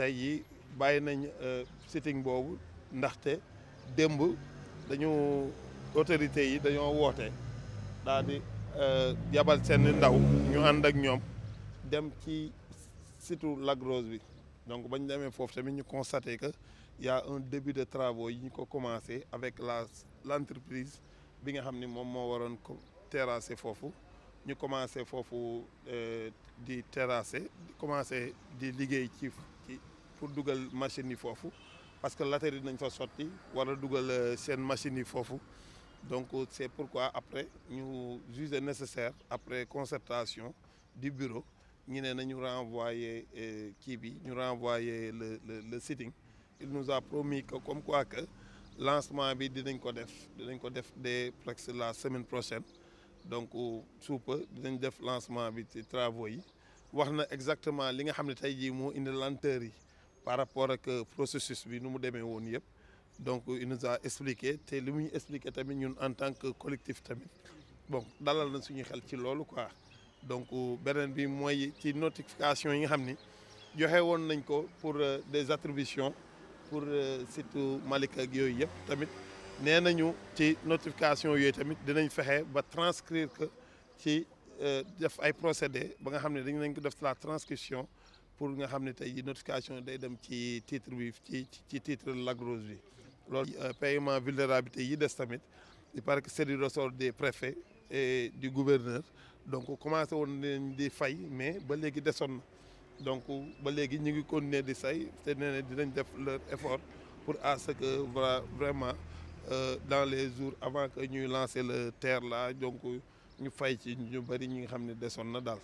tey yi bàyyi nañ euh, sitting boobu ndaxte démb dañu autorités yi dañoo woote daal di euh, yabal seen ndaw ñu ànd ak ñoom dem ci surtout Lac Rose bi donc bañ demee foofu tamit ñu constaté que y un début de travaux yi ñu ko commencé avec la l' entreprise bi nga xam ni moom moo waroon ko terrasser foofu ñu commencé foofu euh, di terrasser commencé di liggéey ci ci pour dugal machine yi foofu parce que latérite nañ fa sotti war a dugal euh, seen machine yi foofu donc c'est pourquoi après ñu jugé nécessaire après concertation di bureau ñu ne nañu renvoyer euh, kii bi ñu renvoyer le le le sitting il nous a promis que comme quoi que lancement bi dinañ ko def dinañ ko def dès presque la semaine prochaine donc suupa dañ def lancement bi ci travaux yi wax na exactement li nga xam ne tey jii moo indi lenteur yi par rapport ak processus bi nu mu demee woon yëpp donc il nous a expliqué te li mu ñu expliqué tamit ñun en tant que collectif tamit bon dalal na suñu xel ci loolu quoi donc beneen bi mooy ci notification yi nga xam ni joxe woon nañ ko pour euh, des attributions pour euh, surtout Malika ak yooyu yëpp tamit nee nañu ci notification yooyu tamit dinañ fexe ba transcrire que ci euh, def ay procédé ba nga xam ne dañ nañ ko def la transcription pour nga xam ne tey jii notification day dem ci titre bi ci ci titre Lac bi loolu euh, paiement vulnérabilité yi des tamit il paraît que c'est du ressort des préfets et du gouverneur donc commencé woon nañ di fay mais ba léegi desoon na donc ba léegi ñu ngi continuer di say te nee na dinañ def leur effort pour à ce que voilà vraiment euh, dans les jours avant que ñuy lancer le terre là donc ñu fay ci ñu bëri ñi nga xam ne desoon na daal